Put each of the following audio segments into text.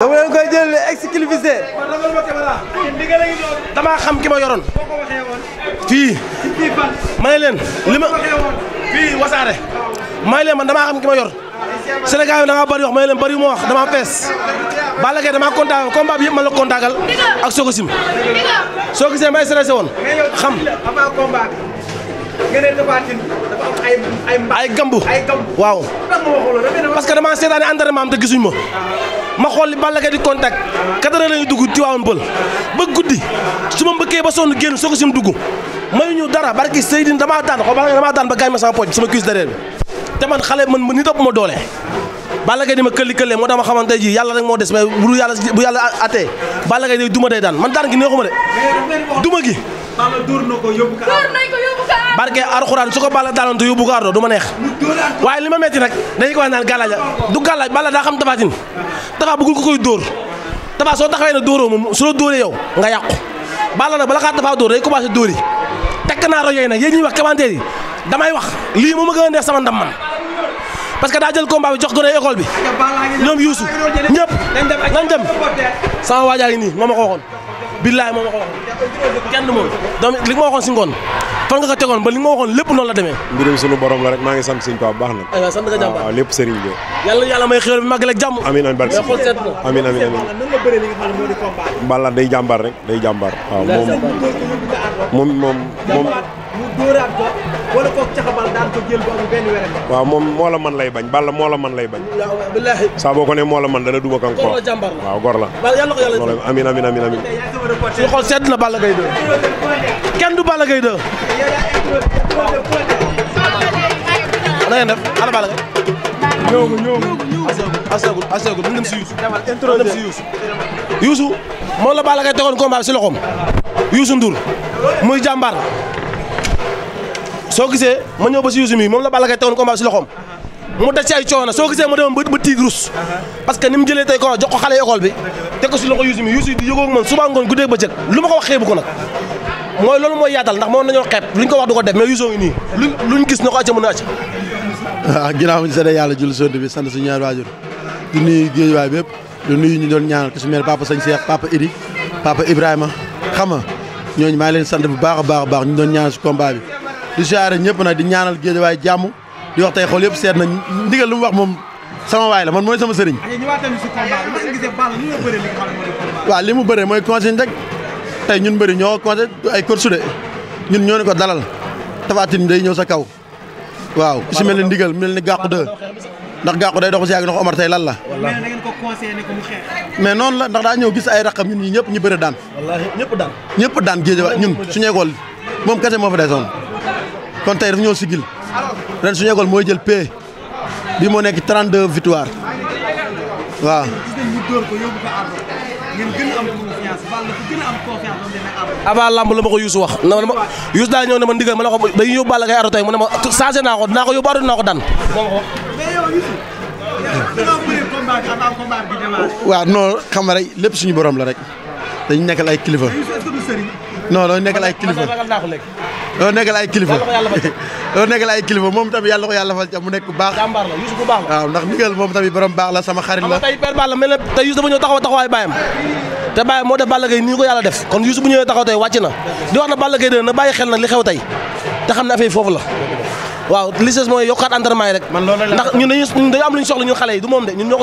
dama leen koy jël exclusivité xam ki ma yoroon fii ma ne leen li ma fii wasaare ma man damaa xam ki ma yor Sénégal yi da ngaa bëri wax ma ne leen wax damaa fees Balla Gaye damaa kontaan combat bi yëpp ma la kontaagal ak soo ko sim soo gisee may stressé woon xam ay ay. ay waaw parce que damaa seetaane entraînement am te gisuñu ma. ma xool li Balla Gaye di contact quatre heures lañu dugg Tivaouane Peulh ba guddi su ma mbëkkee ba sonn génn soo ko sim dugg mayuñu dara barki Seydine damaa daan xaw ma damaa daan ba gaañ ma sama pooj sama cuisse derrière bi te man xale man nit ëpp ma doole Balla Gaye di ma këlli këllee moo tax ma xamante ji yàlla rek moo des mais bu yàlla bu yàlla attee Balla Gaye day duma day daan man daan gi neexuma de duma gi Balla dóor na ko yóbbu ko dóor nañ ko yóbbu ko barke Alxuraan su ko Balla daaloon te yóbbu ko ardo du ma neex waaye li ma metti nag dañu ko wax naan gàllaaj du gàllaaj Balla daa xam tafaatin tafaa bëggul ko koy dóor tafaa soo taxawee ne dóoroo moom su la yow nga yàqu Balla nag bala kaa tafaa dóor day commencé yi tekk naa rojoy nag yéen ñuy wax commentaire yi damay wax lii moom ma gën a sama ndam man parce que daa jël combat bi jox gone école bi ñoom yuusu ñëpp nañ dem sama waajaa ngi nii moo ma ko waxoon billaay moom ma ko waxoon kenn moom donc li ma waxoon si ngoon fan nga ba li ma waxoon lépp noonu la demee mbirum sunu borom la rek maa ngi sant sëñ Tuubaa bu baax nag waaw sant nga jàmbaar waaw lépp sëriñ bi yàlla yàlla may xéwal bi màggal day jàmbaar rek day jàmbaar waaw moom moom moom moom wala waaw moom moo la man lay bañ Balla moo la man lay bañ. waaw billaahi. saa moo la man dana duma kan ko waaw gor amin amin xool sedd na Balla Gaye 2. kenn du Balla gay 2. na ngeen def ana Balla Gaye. ñëw nga ñëw nga. asagul la Balla Gaye tegoon combat bi si loxoom. Youssou Ndour muy jàmbaar. soo gisee ma ñëw ba si Youssou mi moom la Balla Gaye tegoon combat si loxoom mu daj si ay coono soo gisee ma demoon ba ba tigrous parce que ni mu jëlee tey ko jox ko xale école bi teg ko si loxo Youssou mi Youssou di yëgoo man suba ngoon guddeeg bëccëg lu ma ko wax xeebu ko nag mooy loolu mooy yaatal ndax moom nañoo xeeb luñ ko wax du ko def mais Youssou nii luñ luñ gis na ko acca mën a acca waaw ah, ginnaaw ñu seede yàlla jul sant bi sant suñu ñaari waajur di nuyu géej waay bépp di nuyu ñu doon ñaanal ku si mel papa Sëñ Cheikh papa Idi papa bu baax a baax a baax ñu doon ñaanal si bi di siyaare ñëpp nag di ñaanal géejawaay jàmm di wax tay xool yëpp seet na ndigal lu mu wax moom sama waay la man mooy sama sëriñ. waaw li mu bëree mooy consigne rek tey ñun bëri ñoo ko conseil ay course de ñun ñoo ne ko dalal tafaatin day ñëw sa kaw waaw si mel ni ndigal mel ni gàqu de ndax gàqu day dox si yàgg ndax Omar tey lan la. mais noonu la ndax daa ñëw gis ay raqam ñun ñi ñëpp ñu bëri daan. ñëpp daan ñëpp daan géej ñun suñu école moom kese moo fa desoon. kon tey dafa ñoo sigil ren suñu école mooy jël P bii moo nekk 32 victoire waaw. avant lamb la ma ko Youssou wax na ma Youssou daal ñëw ne ma ndigal ma ne ko dañuy yóbbu Balla Gaye ardo tey mu ne ma changé naa ko dinaa ko yóbbu ardo dinaa ko daan waaw non xam rek lépp suñu borom la rek dañu nekkal ay kilifa non loolu nekkal ay kilifa loolu nekkal ay kilifa loolu nekkal ay kilifa moom tamit yàlla ko yàlla fal ca nekk baax la Youssou bu baax la waaw ndax ndigal moom tamit borom baax la sama xarit la tey père Balla mel na tey Youssou dafa ñëw te bàyyam moo def Balla Gaye nii ko yàlla def kon Youssou bu ñëwee taxaw tey wàcc na di wax Balla Gaye dé na bàyyi xel nag li xew tey te xam ne affaire foofu la waaw li des mooy yokkaat entraînement yi rek ndax ñun dañu dañu am lu ñu soxla ñun xale yi du moom de ñun ñoo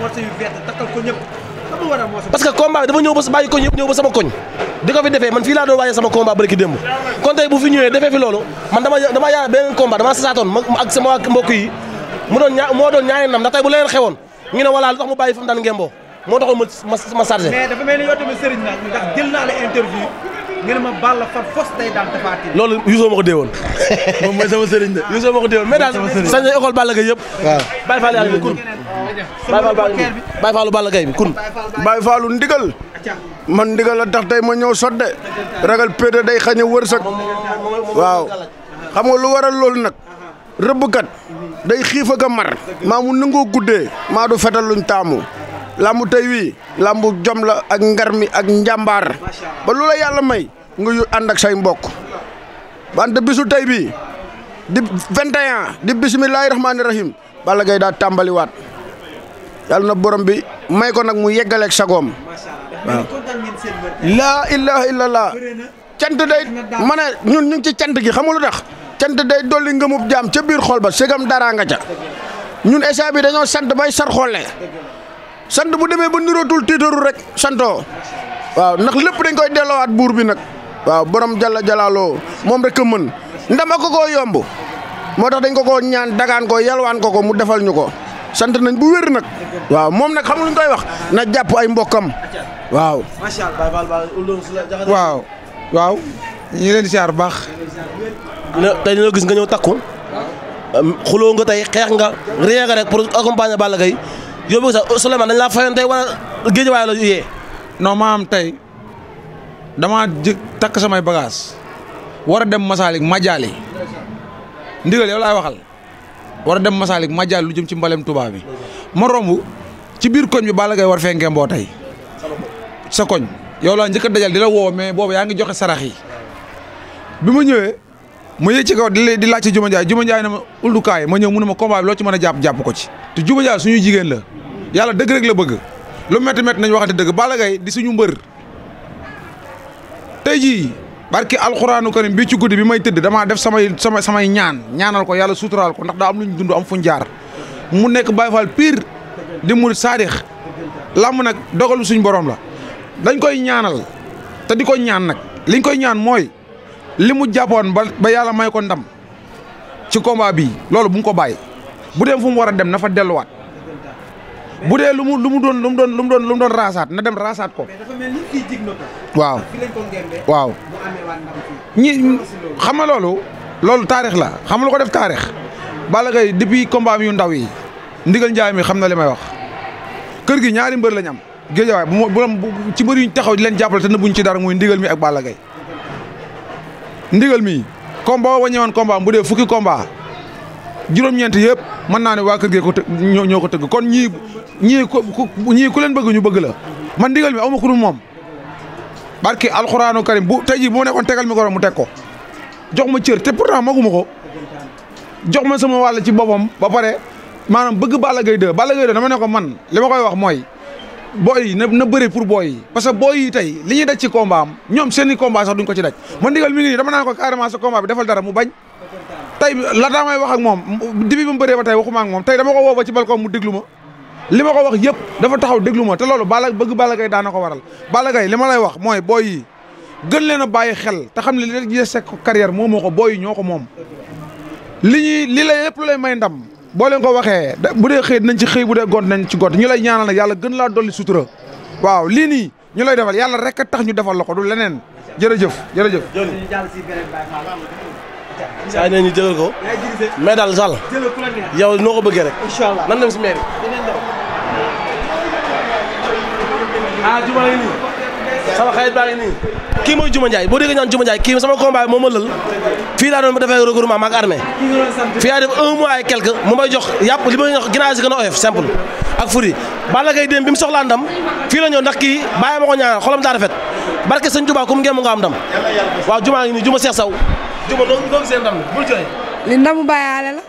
morceau yu vert takkal ko ñëpp parce que combat bi dama ñëw ba bàyyi ko ñëpp ba sama koñ di ko fi defee man fii laa doon waajee sama combat bëriki démb kon tey bu fi ñëwee defee fi loolu man dama dama yaa beneen combat dama sasaatoon mbokk yi mu doon ñaa nam ndax bu leen xewoon ngi ne walla tax mu bàyyi fa mu daan ngemboo moo taxoon ma ma chargé ngeen ma Balla far fos day daan tafaatin. loolu Youssou ma ko dee woon. moom mooy sama sëriñ de. Youssou ma ko dee woon ndigal. man ndigal la tax tey ma ñëw sodde ragal pété day xañ a wërsëg. waaw xam nga lu waral loolu nag. rëbbkat day xiif ak a mar. maa mu nangoo guddee. maa du fetal luñ taamu. làmbu tey wii làmbu jom la ak ngar mi ak njàmbaar ba lu la yàlla may nga yu ànd ak say mbokk wante bisu tey bii di 21 di bisimilahi rahmaani rahim bala Gaye daa tàmbaliwaat yàlla na borom bi may ko nag mu yeggaleeg sagoom waaw laa ilaha illallah cant day ma ne ñun ñu ci cant gi xam dax cant day dolli ngëmub jaam ca biir xool ba segam dara nga ca ñun esa bi dañoo sant bay sar xolle sant bu demee ba nirootul tiitaru rek santoo waaw ndax lépp dañ koy delloowaat buur bi nag waaw borom jalla jalaaloo moom rek a mën ndam ak ko koo yomb moo tax dañ ko ko ñaan dagaan ko yalwaan ko ko mu defal ñu ko sant nañ bu wér nag waaw moom nag xamul ñu koy wax na jàpp ay mbokkam waaw. macha allah. waaw waaw. ñu leen di siyaar bu baax. te dañoo gis nga ñëw takku. xuloo nga tey xeex nga. réer nga rek pour accompagner Balla kay yow mi sax oh, Souleymane dañ laa fayoon tey wala géejawaay la yee. non maam tey dama jë takk samay bagage war a dem Masalik Majaali ndigal yow laay waxal war a dem Masalik Majaali lu jëm ci mbalem tubaab bi ma romb ci biir koñ bi Balla Gaye war fee ngemboo tey sa koñ yow laa njëkk dajal di la woo mais boobu yaa ngi joxe sarax yi bi ma ñëwee ma yëg ci kaw di di laaj ci Juma Njaay Juma Njaay ne ma uldukaay ma ñëw mu ne ma combat bi loo ci mën a jàpp jàpp ko ci te Juma suñuy jigéen la. yàlla dëgg rek la bëgg lu métti métti nañ waxante dëgg Balla Gaye di suñu mbër tey jii barki alxuraanu karim bii ci guddi bi may tëdd damaa def samay sama samay ñaan ñaanal ko yàlla suturaal ko ndax daa am lu ñu dund am fuñ jaar mu nekk Baye Fall pire di murit saadix làmb nag dogalu suñ borom la dañ koy ñaanal te di ko ñaan nag liñ koy ñaan mooy li mu jàppoon ba ba yàlla may ko ndam ci combat bi loolu bu mu ko bàyyi bu dem fu mu war a dem na fa delluwaat bu dee lu mu lu mu doon lu mu doon lu mu doon lu doon raasaat na dem raasaat ko. waaw waaw. ñi xam na loolu. loolu taarix la xam lu ko def taarix. Balla Gaye depuis combat yu ndaw yi. ndigal njaay mi xam na li may wax. kër gi ñaari mbër lañ am. géejawaay bu bu ci mbër taxaw leen jàppale te ne buñ ci dara muy ndigal mi ak Balla ndigal mi combat waññewoon combat bu dee fukki combat juróom-ñeent yëpp. mën naa ne waa kër gee ko të ñoo ko tëgg kon ñii ñii ku ñii ku leen bëgg ñu bëgg la man ndigal mi aw ma ku dul moom barki alxuraanu karim bu tey jii bu ma nekkoon tegal mi ko mu teg ko jox ma cër te pourtant maguma ko jox ma sama wàll ci boppam ba pare maanaam bëgg Balla Gaye 2 Balla Gaye ma dama ne ko man li ma koy wax mooy booy yi na na bëri pour booy yi parce que booy tey li ñuy daj ci combat am ñoom seen i sax duñ ko ci daj man ndigal mi ngi nii dama naan ko carrément defal dara mu bañ tey laata may wax ak moom dibi bi mu bëree ba tey waxuma ak moom tey dama ko woo ba ci balcon mu déglu ma li ma ko wax yëpp dafa taxaw déglu ma te loolu baala bëgg Balla Gaye daana ko waral Balla Gaye li ma lay wax mooy booy yi gën leen a bàyyi xel te xam ne li leen gisee carrière moom moo ko booy yi ñoo ko moom li ñuy li la lépp lu lay may ndam boo leen ko waxee bu dee xëy nañ ci xëy bu dee gont nañ ci gont ñu lay ñaana nag yàlla gën laa dolli sutura waaw lii nii ñu lay defal yàlla rek tax ñu defal la ko du leneen jërëjëf jërëjëf saa yi ne ñu jëlal ko. mais daal sàll. yow noo ko bëggee rek. incha ah, juma ngi nii. sama xarit kii mooy Juma boo déggee ñaan Juma Ndiaye kii sama combat bi moo ma lël fii laa doon ba maag armée fii laa def un mois mu may jox yàpp li may jox ginnaaw si gën a oyof ak furi Balla Gaye dem bi mu soxlaa ndam fii la ñëw ndax kii bàyyi ma ko ñaan xolam daa rafet barke sëñ Touba kum ngeen mu nga am ndam ngi nii Juma Seex Saw Juba li ndamu bayaale la.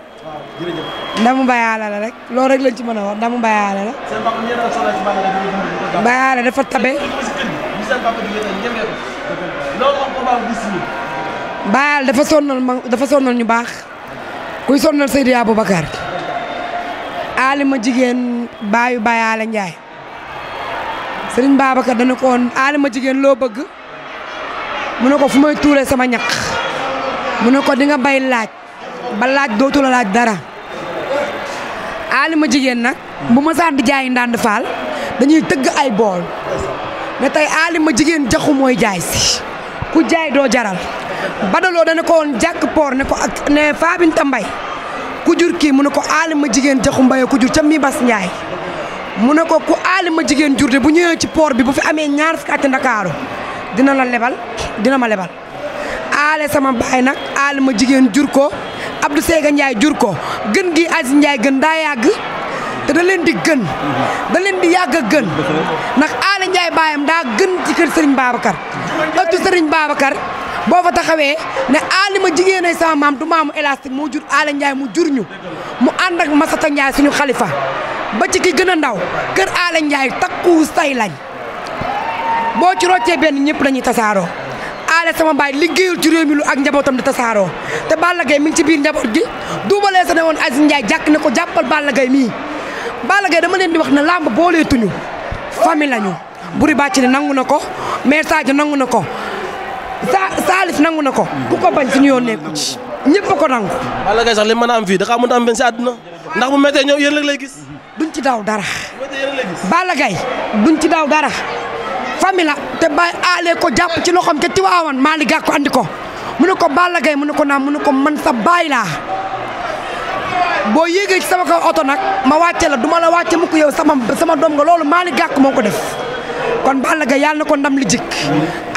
ndamu bayaale la rek loolu rek lañ ci mën a wax ndamu bayaale la. seen bayaale dafa tabe. seen papa bayaale dafa sonnal ma dafa sonnal ñu baax. kuy sonnal Seydou Aboubacar. Alima jigéen baayu bayaale Ndiaye. Serigne Babacar dana ko woon Alima jigéen loo bëgg. mu ne ko fu may tuuree sama ñaq. mu ne ko di nga bay laaj ba laaj dootula laaj dara ma jigéen nag bu ma saan di jaay ndànd faal dañuy tëgg ay bool ne tey ma jigéen jaxu mooy jaay si ku jaay doo jaral badaloo dana ko woon jàkk poor ne ko ak ne Fabinta Mbaye ku jur kii mu ne ko ma jigéen jaxu mbaye ku jur ca mi bas Njaay mu ne ko ku ma jigéen jur bu ñëwee ci poor bi bu fi amee ñaar fukki at ndakaaru dina la lebal dina ma lebal aale sama baay nag aale ma jigéen jur ko Abdou Sega Ndiaye jur ko gën gi Aziz Ndiaye gën daa yàgg te da leen di gën da leen di yàgg a gën ndax aale Ndiaye baayam daa gën ci kër Serigne Babacar ëttu Serigne Babacar boo fa taxawee ne aali ma jigéen ay sama maam du maamu élastique moo jur aale Ndiaye mu jur ñu mu ànd ak Masata Ndiaye suñu xalifa ba ci ki gën a ndaw kër aale Ndiaye takku say lañ boo ci roccee benn ñëpp dañuy tasaaroo. Balla sama baay liggéeyul ci réew mi lu ak njabootam di tasaaroo te Balla Gaye mi ngi ci biir njaboot gi duubalee sa ne woon Aziz Ndiaye jàkk ne ko jàppal Balla Gaye mii Balla Gaye dama leen di wax ne làmb booleetuñu famille lañu buri bàcc ne nangu na ko mais Sadio nangu na ko sa Salif nangu na ko ku ko bañ suñu yoon nekku ci ñëpp ko nangu Balla Gaye sax li mën a am fii daxaa mën a am si àdduna ndax bu méttee ñëw yéen rek lay gis duñ ci daw dara Balla Gaye duñ ci daw dara famille la te Baye Allé ko jàpp ci loxoom te Tiwaawan Malick Gakou andi ko mu ne ko Balla Gaye ko naa mu ne ko man sa baay laa boo yéegee ci sama kaw oto nag ma wàcce la duma la wàcce mukk yow sama sama doom nga loolu Malick Gakou moo ko def kon Balla Gaye yàlla na ko ndam li jik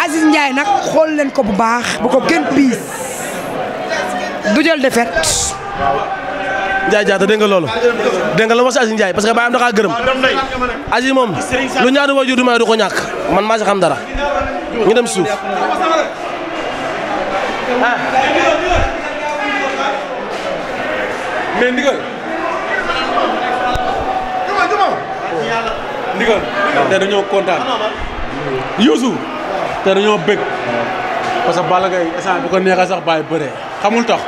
Aziz Ndiaye nag xool leen ko bu baax bu ko gën piis du jël defet Ndiaye Diatta dégg nga la wax si Aziz Ndiaye parce que baayam da kaa gërëm Aziz moom lu ñaari waajur du may du ko ñàkk man maa si xam dara ñu dem suuf ah. mais ndigal ndigal te dañoo kontaan Youssou te dañoo bëgg parce que Balla Gaye instant bu ko neexee sax bàyyi bëree xamul tax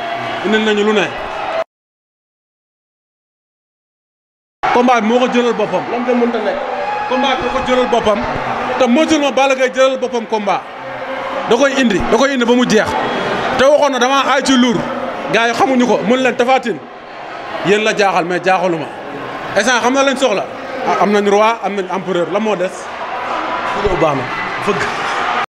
indi nañu lu ne combat bi moo ko jëlal boppam. lan nga mënta nekk. combat bi moo ko jëlal boppam te mosul ma Balla Gaye jëlal boppam combat da koy indi da koy indi ba mu jeex te waxoon na dama aay ci luur gars yi xamuñu ko mën leen tafaatin yéen la jaaxal mais jaaxaluma instant xam na lañ soxla. Ah, am nañ roi am nañ empereur la moo des. bu baax na